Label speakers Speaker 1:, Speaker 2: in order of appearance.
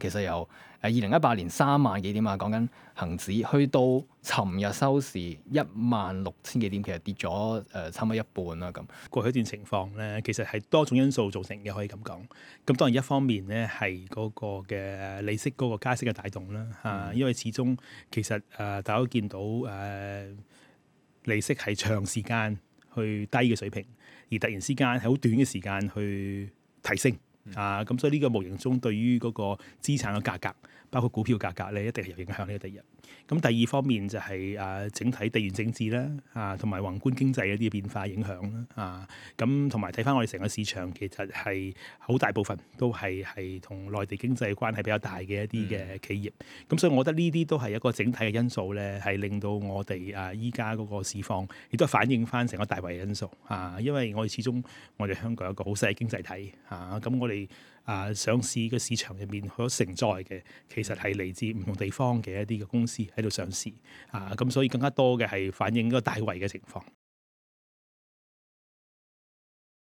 Speaker 1: 其實由誒二零一八年三萬幾點啊，講緊恒指去到尋日收市一萬六千幾點，其實跌咗誒差唔多一半啦。咁過去一段情況咧，其實係多種因素造成嘅，可以咁講。咁當然一方面咧係嗰個嘅利息嗰個加息嘅帶動啦，吓、嗯，因為始終其實誒大家都見到誒利息係長時間去低嘅水平，而突然之間係好短嘅時間去提升。嗯、啊，咁所以呢個無形中對於嗰個資產嘅價格，包括股票價格咧，一定係有影響呢個第一。咁第二方面就係、是、啊，整體地緣政治啦，啊，同埋宏觀經濟嘅一啲變化影響啦，啊，咁同埋睇翻我哋成個市場，其實係好大部分都係係同內地經濟關係比較大嘅一啲嘅企業。咁、嗯、所以我覺得呢啲都係一個整體嘅因素咧，係令到我哋啊依家嗰個市況，亦都反映翻成個大圍因素啊。因為我哋始終我哋香港有一個好細嘅經濟體啊，咁我哋。係啊，上市嘅市場入面所承載嘅，其實係嚟自唔同地方嘅一啲嘅公司喺度上市啊，咁所以更加
Speaker 2: 多嘅係反映一個大圍嘅情況。